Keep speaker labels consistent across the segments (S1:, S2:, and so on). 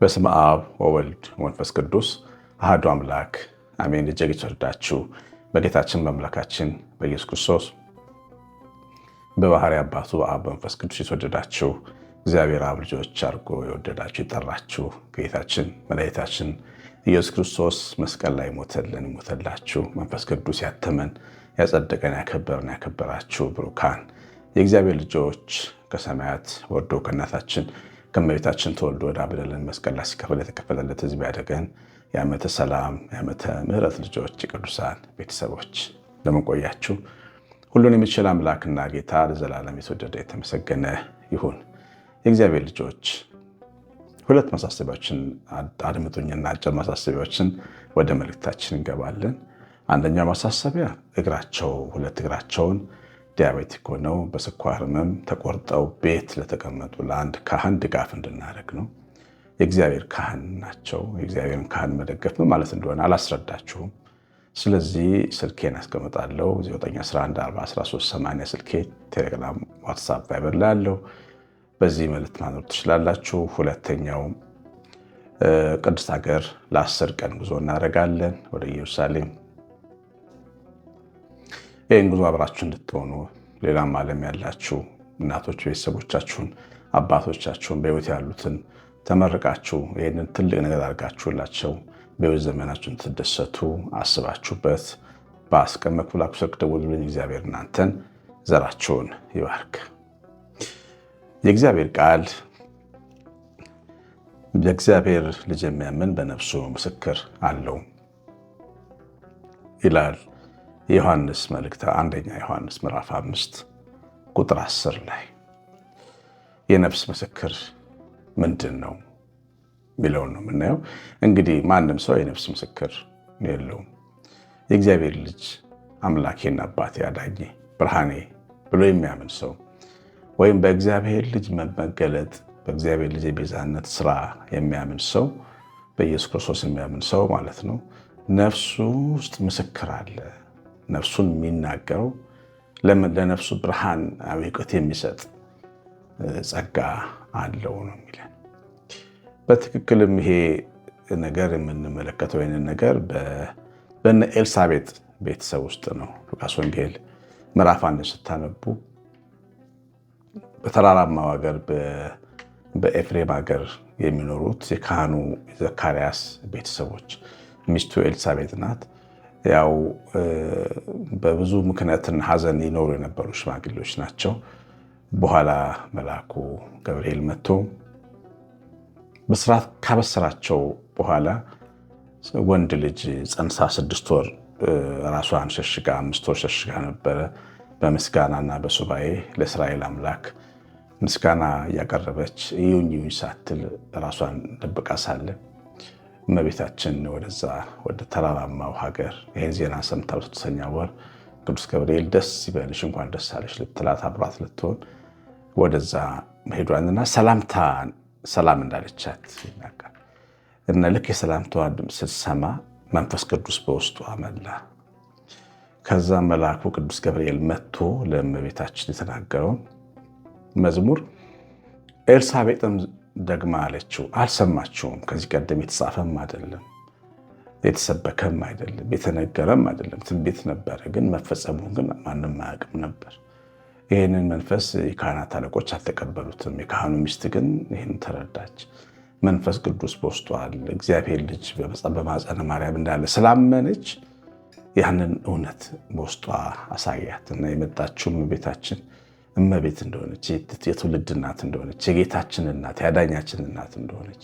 S1: በስመ አብ ወወልድ ወመንፈስ ቅዱስ አህዱ አምላክ አሜን። እጅግ የተወደዳችሁ በጌታችን በአምላካችን በኢየሱስ ክርስቶስ በባህሪ አባቱ በአብ በመንፈስ ቅዱስ የተወደዳችሁ እግዚአብሔር አብ ልጆች አድርጎ የወደዳችሁ የጠራችሁ ጌታችን መድኃኒታችን ኢየሱስ ክርስቶስ መስቀል ላይ ሞተልን፣ ሞተላችሁ። መንፈስ ቅዱስ ያተመን፣ ያጸደቀን፣ ያከበርን ያከበራችሁ ብሩካን የእግዚአብሔር ልጆች ከሰማያት ወርዶ ከእናታችን ከመቤታችን ተወልዶ ወደ አብደለን መስቀል ላይ ሲከፈል የተከፈለለት ሕዝብ ያደገን የዓመተ ሰላም የዓመተ ምሕረት ልጆች የቅዱሳን ቤተሰቦች ለመቆያችሁ ሁሉን የሚችል አምላክና ጌታ ለዘላለም የተወደደ የተመሰገነ ይሁን። የእግዚአብሔር ልጆች ሁለት ማሳሰቢያዎችን አድምጡኝና አጭር ማሳሰቢያዎችን ወደ መልእክታችን እንገባለን። አንደኛው ማሳሰቢያ እግራቸው ሁለት እግራቸውን ዲያቤቲክ ሆነው በስኳር ህመም ተቆርጠው ቤት ለተቀመጡ ለአንድ ካህን ድጋፍ እንድናደርግ ነው። የእግዚአብሔር ካህን ናቸው። የእግዚአብሔርን ካህን መደገፍ ማለት እንደሆነ አላስረዳችሁም። ስለዚህ ስልኬን ያስቀምጣለሁ 9114138 ስልኬ ቴሌግራም፣ ዋትሳፕ፣ ቫይበር ላይ አለው። በዚህ መልት ማኖር ትችላላችሁ። ሁለተኛው ቅድስት ሀገር ለአስር ቀን ጉዞ እናደርጋለን ወደ ኢየሩሳሌም። ይህን ጉዞ አብራችሁ እንድትሆኑ ሌላም ዓለም ያላችሁ እናቶች ቤተሰቦቻችሁን፣ አባቶቻችሁን በህይወት ያሉትን ተመርቃችሁ ይህንን ትልቅ ነገር አድርጋችሁላቸው በህይወት ዘመናችሁ እንድትደሰቱ አስባችሁበት በአስቀመኩላኩ ስልክ ደውሉልኝ። እግዚአብሔር እናንተን ዘራችሁን ይባርክ። የእግዚአብሔር ቃል በእግዚአብሔር ልጅ የሚያምን በነፍሱ ምስክር አለው ይላል የዮሐንስ መልእክት አንደኛ ዮሐንስ ምዕራፍ አምስት ቁጥር አስር ላይ የነፍስ ምስክር ምንድን ነው የሚለውን ነው የምናየው። እንግዲህ ማንም ሰው የነፍስ ምስክር የለውም። የእግዚአብሔር ልጅ አምላኬና አባቴ አዳኜ ብርሃኔ ብሎ የሚያምን ሰው ወይም በእግዚአብሔር ልጅ መገለጥ በእግዚአብሔር ልጅ የቤዛነት ስራ የሚያምን ሰው በኢየሱስ ክርስቶስ የሚያምን ሰው ማለት ነው። ነፍሱ ውስጥ ምስክር አለ። ነፍሱን የሚናገረው ለነፍሱ ብርሃን እውቀት የሚሰጥ ጸጋ አለው ነው የሚለን። በትክክልም ይሄ ነገር የምንመለከተው ይህንን ነገር በነ ኤልሳቤጥ ቤተሰብ ውስጥ ነው። ሉቃስ ወንጌል ምዕራፍ አንድ ስታነቡ በተራራማ ሀገር በኤፍሬም ሀገር የሚኖሩት የካህኑ ዘካርያስ ቤተሰቦች ሚስቱ ኤልሳቤት ናት። ያው በብዙ ምክንያትና ሀዘን ይኖሩ የነበሩ ሽማግሌዎች ናቸው። በኋላ መልአኩ ገብርኤል መጥቶ በስርዓት ካበሰራቸው በኋላ ወንድ ልጅ ፀንሳ ስድስት ወር ራሷን ሸሽጋ አምስት ወር ሸሽጋ ነበረ። በምስጋናና በሱባኤ ለእስራኤል አምላክ ምስጋና እያቀረበች እዩኝ እዩኝ ሳትል ራሷን ደብቃ ሳለ እመቤታችን ወደዛ ወደ ተራራማው ሀገር ይህን ዜና ሰምታ በስድስተኛ ወር ቅዱስ ገብርኤል ደስ ይበልሽ እንኳን ደስ አለሽ ልትላት አብሯት ልትሆን ወደዛ መሄዷንና ሰላምታ ሰላም እንዳለቻት ይናገራል እና ልክ የሰላምታዋን ድምፅ ስትሰማ መንፈስ ቅዱስ በውስጡ አመላ። ከዛ መልአኩ ቅዱስ ገብርኤል መጥቶ ለእመቤታችን የተናገረውን መዝሙር ኤልሳቤጥም ደግማ አለችው፣ አልሰማችሁም። ከዚህ ቀደም የተጻፈም አይደለም የተሰበከም አይደለም የተነገረም አይደለም። ትንቢት ነበረ፣ ግን መፈጸሙን ግን ማንም አያውቅም ነበር። ይህንን መንፈስ የካህናት አለቆች አልተቀበሉትም። የካህኑ ሚስት ግን ይህን ተረዳች። መንፈስ ቅዱስ በውስጧል እግዚአብሔር ልጅ በማፀነ ማርያም እንዳለ ስላመነች ያንን እውነት በውስጧ አሳያት እና የመጣችውም ቤታችን እመቤት እንደሆነች የትውልድ እናት እንደሆነች የጌታችን እናት የአዳኛችን እናት እንደሆነች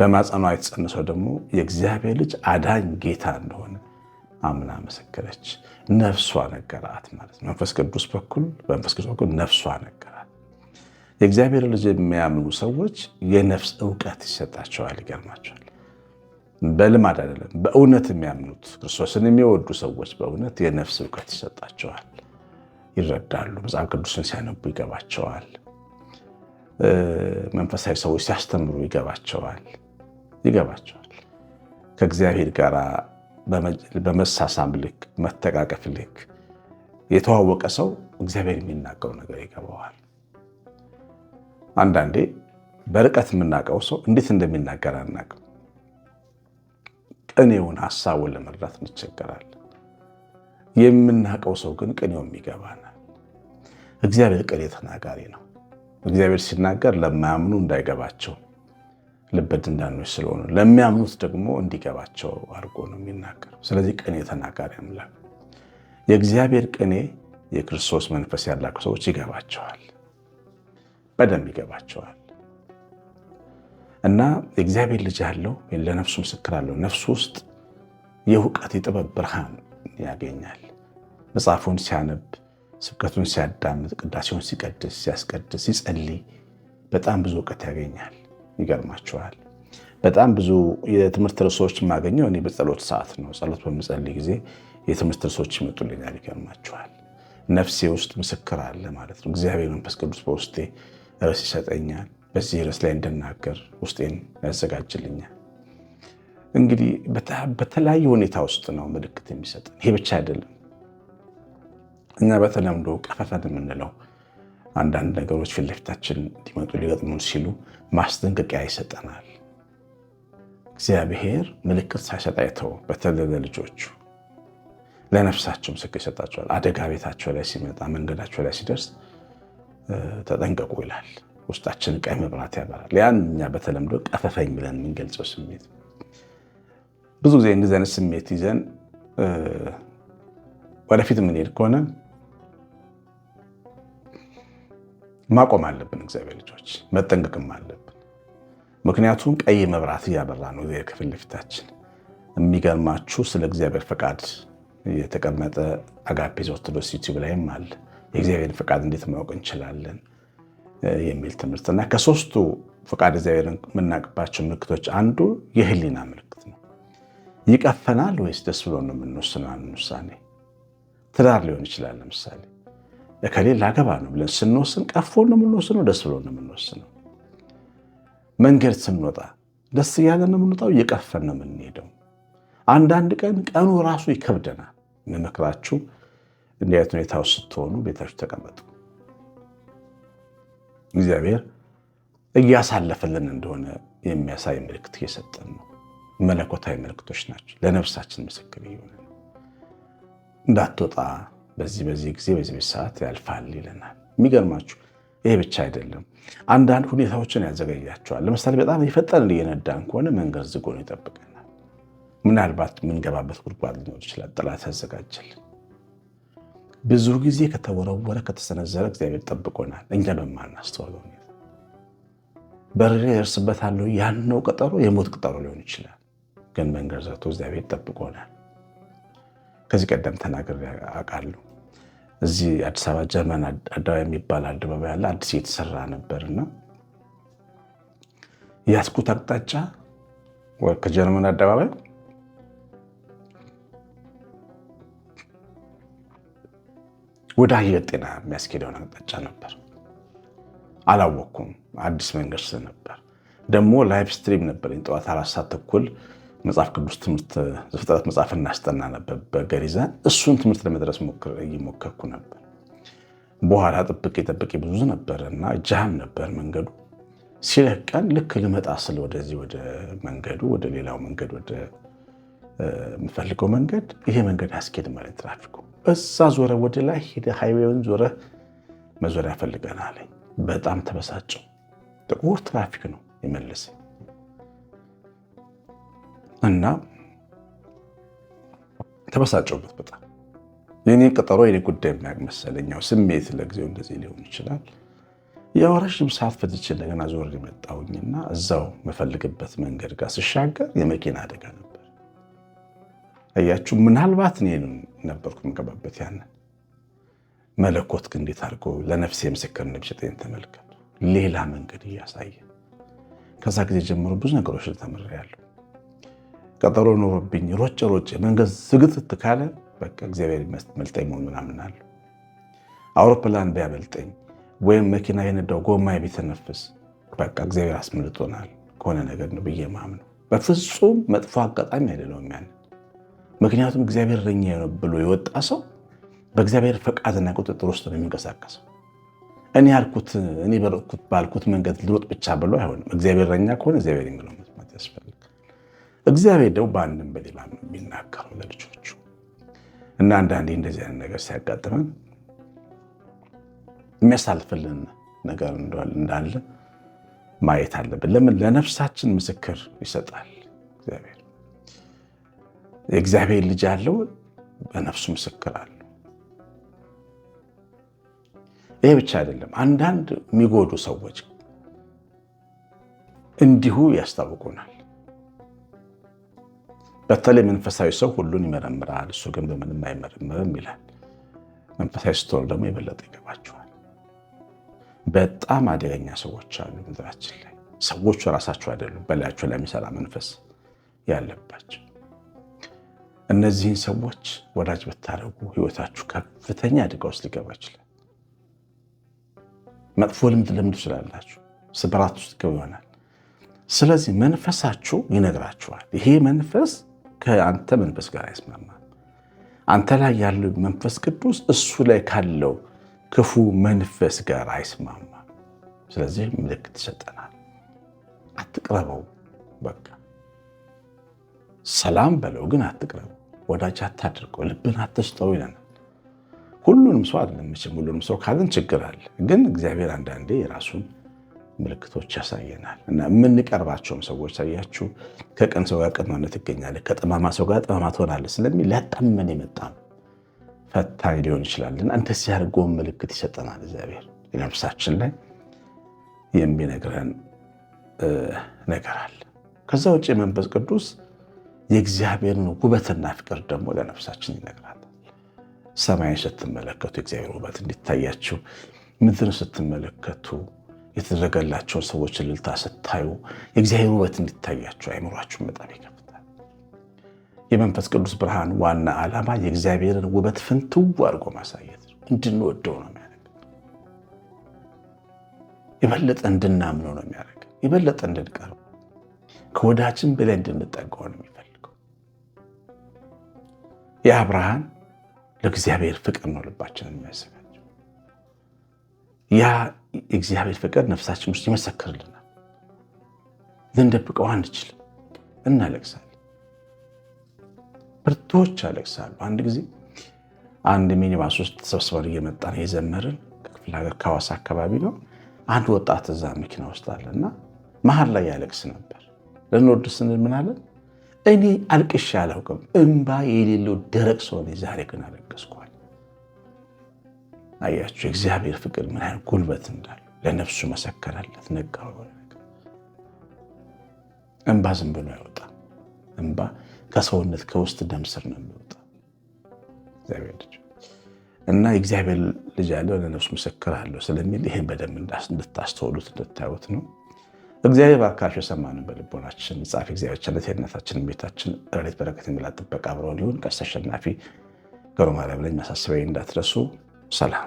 S1: በማጸኗ የተጸንሰው ደግሞ የእግዚአብሔር ልጅ አዳኝ ጌታ እንደሆነ አምና መሰከረች። ነፍሷ ነገራት ማለት መንፈስ ቅዱስ በኩል በመንፈስ ቅዱስ በኩል ነፍሷ ነገራት። የእግዚአብሔር ልጅ የሚያምኑ ሰዎች የነፍስ እውቀት ይሰጣቸዋል። ይገርማቸዋል። በልማድ አይደለም፣ በእውነት የሚያምኑት ክርስቶስን የሚወዱ ሰዎች በእውነት የነፍስ እውቀት ይሰጣቸዋል። ይረዳሉ። መጽሐፍ ቅዱስን ሲያነቡ ይገባቸዋል። መንፈሳዊ ሰዎች ሲያስተምሩ ይገባቸዋል ይገባቸዋል። ከእግዚአብሔር ጋር በመሳሳም ልክ መተቃቀፍ ልክ የተዋወቀ ሰው እግዚአብሔር የሚናገረው ነገር ይገባዋል። አንዳንዴ በርቀት የምናውቀው ሰው እንዴት እንደሚናገር አናውቅም። ቅኔውን ሀሳቡን ለመረዳት እንቸገራለን። የምናውቀው ሰው ግን ቅኔው የሚገባን እግዚአብሔር ቅኔ ተናጋሪ ነው። እግዚአብሔር ሲናገር ለማያምኑ እንዳይገባቸው ልበ ደንዳኖች ስለሆኑ ለሚያምኑት ደግሞ እንዲገባቸው አድርጎ ነው የሚናገረው። ስለዚህ ቅኔ ተናጋሪ አምላክ የእግዚአብሔር ቅኔ የክርስቶስ መንፈስ ያላቸው ሰዎች ይገባቸዋል፣ በደንብ ይገባቸዋል። እና የእግዚአብሔር ልጅ አለው ለነፍሱ ምስክር አለው። ነፍሱ ውስጥ የእውቀት የጥበብ ብርሃን ያገኛል። መጽሐፉን ሲያነብ ስብከቱን ሲያዳምጥ፣ ቅዳሴውን ሲቀድስ፣ ሲያስቀድስ፣ ሲጸልይ በጣም ብዙ እውቀት ያገኛል። ይገርማችኋል። በጣም ብዙ የትምህርት ርዕሶች የማገኘው እኔ በጸሎት ሰዓት ነው። ጸሎት በምጸልይ ጊዜ የትምህርት ርዕሶች ይመጡልኛል። ይገርማችኋል። ነፍሴ ውስጥ ምስክር አለ ማለት ነው። እግዚአብሔር መንፈስ ቅዱስ በውስጤ ርዕስ ይሰጠኛል። በዚህ ርዕስ ላይ እንድናገር ውስጤን ያዘጋጅልኛል። እንግዲህ በተለያየ ሁኔታ ውስጥ ነው ምልክት የሚሰጠን። ይሄ ብቻ አይደለም እኛ በተለምዶ ቀፈፈን የምንለው አንዳንድ ነገሮች ፊት ለፊታችን ሊመጡ ሊገጥሙን ሲሉ ማስጠንቀቂያ ይሰጠናል። እግዚአብሔር ምልክት ሳይሰጥ አይተው በተለይ ለልጆቹ ለነፍሳቸው ምስክር ይሰጣቸዋል። አደጋ ቤታቸው ላይ ሲመጣ መንገዳቸው ላይ ሲደርስ ተጠንቀቁ ይላል። ውስጣችን ቀይ መብራት ያበራል። ያን እኛ በተለምዶ ቀፈፈኝ ብለን የምንገልጸው ስሜት ብዙ ጊዜ እንደዚህ አይነት ስሜት ይዘን ወደፊት የምንሄድ ከሆነ ማቆም አለብን። እግዚአብሔር ልጆች መጠንቀቅም አለብን። ምክንያቱም ቀይ መብራት እያበራ ነው እግዚአብሔር ከፊት ለፊታችን። የሚገርማችሁ ስለ እግዚአብሔር ፈቃድ የተቀመጠ አጋፔዝ ኦርቶዶክስ ዩቲዩብ ላይም አለ የእግዚአብሔርን ፈቃድ እንዴት ማወቅ እንችላለን የሚል ትምህርት እና ከሶስቱ ፈቃድ እግዚአብሔርን የምናውቅባቸው ምልክቶች አንዱ የህሊና ምልክት ነው። ይቀፈናል ወይስ ደስ ብሎ ነው የምንወስነው ውሳኔ? ትዳር ሊሆን ይችላል ለምሳሌ እከሌን ላገባ ነው ብለን ስንወስን ቀፎን ነው የምንወስነው፣ ደስ ብሎ ነው የምንወስነው። መንገድ ስንወጣ ደስ እያለን ነው የምንወጣው፣ እየቀፈን ነው የምንሄደው። አንዳንድ ቀን ቀኑ ራሱ ይከብደናል። መመክራችሁ እንዲህ ዓይነት ሁኔታ ውስጥ ስትሆኑ ቤታችሁ ተቀመጡ። እግዚአብሔር እያሳለፈልን እንደሆነ የሚያሳይ ምልክት እየሰጠን ነው። መለኮታዊ ምልክቶች ናቸው። ለነፍሳችን ምስክር እየሆነ እንዳትወጣ በዚህ በዚህ ጊዜ በዚህ ሰዓት ያልፋል ይለናል። የሚገርማችሁ ይሄ ብቻ አይደለም። አንዳንድ ሁኔታዎችን ያዘገያቸዋል። ለምሳሌ በጣም የፈጠን እየነዳን ከሆነ መንገድ ዝግ ሆኖ ይጠብቀናል። ምናልባት የምንገባበት ጉድጓድ ሊኖር ይችላል። ጠላት ያዘጋጀልን ብዙ ጊዜ ከተወረወረ ከተሰነዘረ እግዚአብሔር ጠብቆናል። እኛ በማናስተዋለው ሁኔታ በርሬ እደርስበታለሁ ያልነው ቀጠሮ የሞት ቀጠሮ ሊሆን ይችላል። ግን መንገድ ዘግቶ እግዚአብሔር ጠብቆናል። ከዚህ ቀደም ተናግሬ አውቃለሁ። እዚህ አዲስ አበባ ጀርመን አደባባይ የሚባል አደባባይ አለ፣ አዲስ የተሰራ ነበር እና ያስኩት አቅጣጫ ከጀርመን አደባባይ ወደ አየር ጤና የሚያስኬደውን አቅጣጫ ነበር። አላወቅኩም። አዲስ መንገድ ስለነበር ደግሞ ላይቭ ስትሪም ነበረኝ ጠዋት አራት ሰዓት ተኩል መጽሐፍ ቅዱስ ትምህርት ዘፍጥረት መጽሐፍ እናስጠና ነበር በገሪዛን። እሱን ትምህርት ለመድረስ እየሞከርኩ ነበር። በኋላ ጥብቄ ጥብቄ ብዙ ነበር እና ጃም ነበር መንገዱ። ሲለቀን ልክ ልመጣ ስል ወደዚህ ወደ መንገዱ ወደ ሌላው መንገድ ወደ የምፈልገው መንገድ ይሄ መንገድ አስኬድ ማለት ትራፊኩ እዛ ዞረ ወደ ላይ ሄደ ሃይዌውን ዞረ መዞሪያ ፈልገናል። በጣም ተበሳጨው። ጥቁር ትራፊክ ነው የመለሰኝ እና ተበሳጨውበት በጣም የኔ ቀጠሮ የኔ ጉዳይ የሚያመሰለኛው ስሜት ለጊዜው እንደዚህ ሊሆን ይችላል። ያው ረዥም ሰዓት ፈጅቼ እንደገና ዞር የመጣሁኝና እዛው መፈልግበት መንገድ ጋር ስሻገር የመኪና አደጋ ነበር። እያችሁ ምናልባት እኔ ነበርኩ የምገባበት። ያንን መለኮት ግን እንዴት አድርጎ ለነፍሴ ምስክር እንደሚሰጠኝ ተመልከቱ። ሌላ መንገድ እያሳየ ከዛ ጊዜ ጀምሮ ብዙ ነገሮች ተምሬያለሁ። ቀጠሮ ኖሮብኝ ሮጭ ሮጭ መንገድ ዝግት ካለ በቃ እግዚአብሔር ይመስገን መሆን ምናምን አለ። አውሮፕላን ቢያበልጠኝ ወይም መኪና የነዳው ጎማ ቢተነፍስ በቃ እግዚአብሔር አስመልጦናል ከሆነ ነገር ነው ብዬ ማምነው በፍጹም መጥፎ አጋጣሚ አይደለውም ያን ምክንያቱም እግዚአብሔር እረኛዬ ነው ብሎ የወጣ ሰው በእግዚአብሔር ፈቃድና ቁጥጥር ውስጥ ነው የሚንቀሳቀሰው። እኔ ያልኩት እኔ በረኩት ባልኩት መንገድ ልወጥ ብቻ ብሎ አይሆንም። እግዚአብሔር እረኛ ከሆነ እግዚአብሔር የሚለው መስማት ያስፈልጋል። እግዚአብሔር ደግሞ በአንድም በሌላ የሚናገረው ለልጆቹ እና አንዳንዴ እንደዚህ አይነት ነገር ሲያጋጥመን የሚያሳልፍልን ነገር እንዳለ ማየት አለብን። ለምን ለነፍሳችን ምስክር ይሰጣል እግዚአብሔር። የእግዚአብሔር ልጅ ያለው በነፍሱ ምስክር አለው። ይህ ብቻ አይደለም። አንዳንድ የሚጎዱ ሰዎች እንዲሁ ያስታውቁናል። በተለይ መንፈሳዊ ሰው ሁሉን ይመረምራል፣ እሱ ግን በምንም አይመረምርም ይላል። መንፈሳዊ ስትሆኑ ደግሞ የበለጠ ይገባችኋል። በጣም አደገኛ ሰዎች አሉ ምድራችን ላይ። ሰዎቹ ራሳቸው አይደሉም፣ በላያቸው ላይ የሚሰራ መንፈስ ያለባቸው። እነዚህን ሰዎች ወዳጅ ብታደርጉ ህይወታችሁ ከፍተኛ አደጋ ውስጥ ሊገባ ይችላል። መጥፎ ልምድ ልምድ ስላላችሁ ስብራት ውስጥ ገቡ ይሆናል። ስለዚህ መንፈሳችሁ ይነግራችኋል ይሄ መንፈስ ከአንተ መንፈስ ጋር አይስማማም። አንተ ላይ ያለው መንፈስ ቅዱስ እሱ ላይ ካለው ክፉ መንፈስ ጋር አይስማማም። ስለዚህ ምልክት ይሰጠናል። አትቅረበው፣ በቃ ሰላም በለው ግን አትቅረበው፣ ወዳጅ አታድርገው፣ ልብን አትስጠው ይለናል። ሁሉንም ሰው አይደለም መቼም ሁሉንም ሰው ካልን ችግር አለ። ግን እግዚአብሔር አንዳንዴ የራሱን ምልክቶች ያሳየናል እና የምንቀርባቸውም ሰዎች ሳያችሁ ከቅን ሰው ጋር ቅንነት ትገኛለህ፣ ከጠማማ ሰው ጋር ጠማማ ትሆናለህ ስለሚል ሊያጣመን የመጣ ፈታኝ ሊሆን ይችላል እና እንደዚህ አድርጎ ምልክት ይሰጠናል እግዚአብሔር ነፍሳችን ላይ የሚነግረን ነገር አለ። ከዛ ውጭ መንፈስ ቅዱስ የእግዚአብሔርን ውበትና ፍቅር ደግሞ ለነፍሳችን ይነግራል። ሰማይን ስትመለከቱ የእግዚአብሔር ውበት እንዲታያችሁ፣ ምድርን ስትመለከቱ የተደረገላቸውን ሰዎች እልልታ ስታዩ የእግዚአብሔር ውበት እንዲታያቸው አይምሯችሁን በጣም ይከፍታል። የመንፈስ ቅዱስ ብርሃን ዋና ዓላማ የእግዚአብሔርን ውበት ፍንትው አድርጎ ማሳየት ነው። እንድንወደው ነው የሚያደርግ። የበለጠ እንድናምነው ነው የሚያደርግ። የበለጠ እንድንቀርብ ከወዳችን በላይ እንድንጠጋው ነው የሚፈልገው። የአብርሃን ብርሃን ለእግዚአብሔር ፍቅር ነው ልባችንን የሚያስበ ያ እግዚአብሔር ፍቅር ነፍሳችን ውስጥ ይመሰክርልናል። ልንደብቀው አንችልም። እናለቅሳለን። ብርቶች አለቅሳሉ። አንድ ጊዜ አንድ ሚኒባስ ውስጥ ተሰብስበን እየመጣን የዘመርን ከክፍለ ሀገር ከሐዋሳ አካባቢ ነው። አንድ ወጣት እዛ መኪና ውስጥ አለ እና መሀል ላይ ያለቅስ ነበር። ልንወድ ስንል ምን አለ? እኔ አልቅሼ አላውቅም፣ እምባ የሌለው ደረቅ ሰው ነኝ። ዛሬ ግን አለቀስኳል። አያችሁ፣ የእግዚአብሔር ፍቅር ምን ያህል ጉልበት እንዳለ ለነፍሱ መሰከረለት። ነጋ የሆነ ነገር እንባ ዝም ብሎ ያወጣ እንባ ከሰውነት ከውስጥ ደም ስር ነው የሚወጣ። እግዚአብሔር ልጅ እና የእግዚአብሔር ልጅ ያለው ለነፍሱ ምስክር አለው ስለሚል ይህን በደንብ እንድታስተውሉት እንድታዩት ነው። እግዚአብሔር በአካባቢ የሰማነው በልቦናችን መጽሐፍ እግዚአብሔር ቸነት የድነታችን ቤታችን ረሌት በረከት የሚላ ጥበቃ አብረውን ሊሆን ቀሲስ አሸናፊ ገሮማርያም ላይ የሚያሳስበኝ እንዳትረሱ። ሰላም